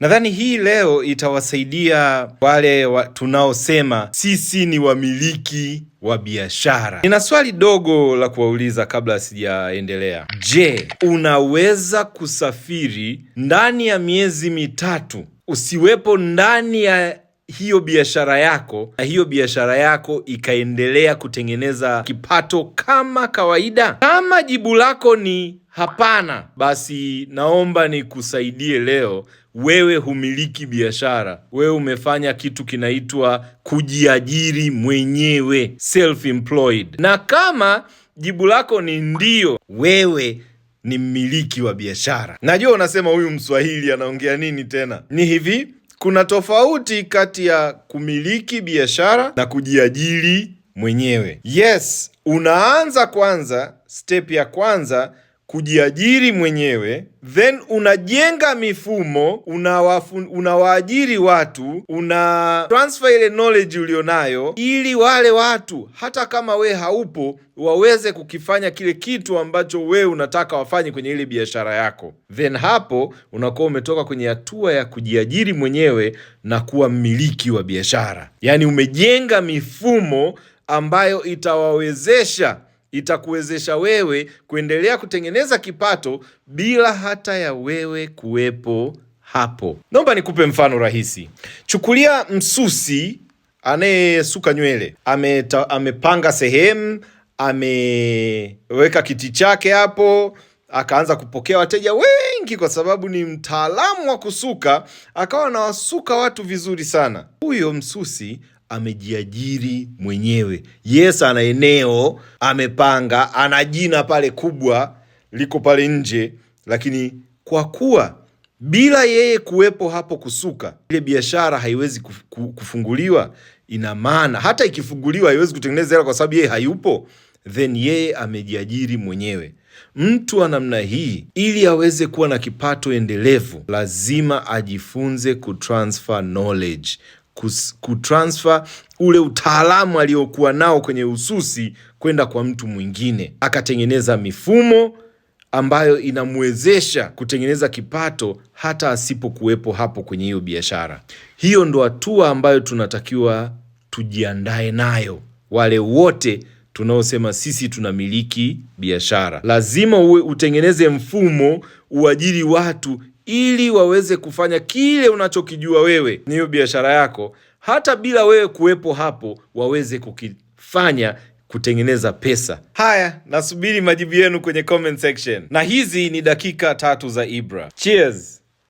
Nadhani hii leo itawasaidia wale wa, tunaosema sisi ni wamiliki wa biashara. Nina swali dogo la kuwauliza kabla sijaendelea. Je, unaweza kusafiri ndani ya miezi mitatu usiwepo ndani ya hiyo biashara yako na hiyo biashara yako ikaendelea kutengeneza kipato kama kawaida? Kama jibu lako ni hapana, basi naomba nikusaidie leo wewe humiliki biashara, wewe umefanya kitu kinaitwa kujiajiri mwenyewe, self employed. Na kama jibu lako ni ndio, wewe ni mmiliki wa biashara. Najua unasema huyu Mswahili anaongea nini tena? Ni hivi, kuna tofauti kati ya kumiliki biashara na kujiajiri mwenyewe. Yes, unaanza kwanza, step ya kwanza kujiajiri mwenyewe, then unajenga mifumo, unawaajiri watu, una transfer ile knowledge ulionayo, ili wale watu hata kama we haupo waweze kukifanya kile kitu ambacho we unataka wafanye kwenye ile biashara yako, then hapo unakuwa umetoka kwenye hatua ya kujiajiri mwenyewe na kuwa mmiliki wa biashara. Yaani umejenga mifumo ambayo itawawezesha itakuwezesha wewe kuendelea kutengeneza kipato bila hata ya wewe kuwepo hapo. Naomba nikupe mfano rahisi. Chukulia msusi anayesuka nywele ameta, amepanga sehemu, ameweka kiti chake hapo akaanza kupokea wateja wengi kwa sababu ni mtaalamu wa kusuka, akawa anawasuka watu vizuri sana. Huyo msusi amejiajiri mwenyewe. Yes, ana eneo amepanga, ana jina pale kubwa liko pale nje, lakini kwa kuwa bila yeye kuwepo hapo kusuka, ile biashara haiwezi kufunguliwa. Ina maana hata ikifunguliwa haiwezi kutengeneza hela kwa sababu yeye hayupo, then yeye amejiajiri mwenyewe. Mtu wa namna hii, ili aweze kuwa na kipato endelevu, lazima ajifunze kutransfer knowledge kutransfer ule utaalamu aliokuwa nao kwenye ususi kwenda kwa mtu mwingine, akatengeneza mifumo ambayo inamwezesha kutengeneza kipato hata asipokuwepo hapo kwenye hiyo biashara. Hiyo ndo hatua ambayo tunatakiwa tujiandae nayo, wale wote tunaosema sisi tunamiliki biashara. Lazima uwe utengeneze mfumo, uajiri watu ili waweze kufanya kile unachokijua wewe ni hiyo biashara yako, hata bila wewe kuwepo hapo, waweze kukifanya kutengeneza pesa. Haya, nasubiri majibu yenu kwenye comment section, na hizi ni dakika tatu za Ibra. Cheers.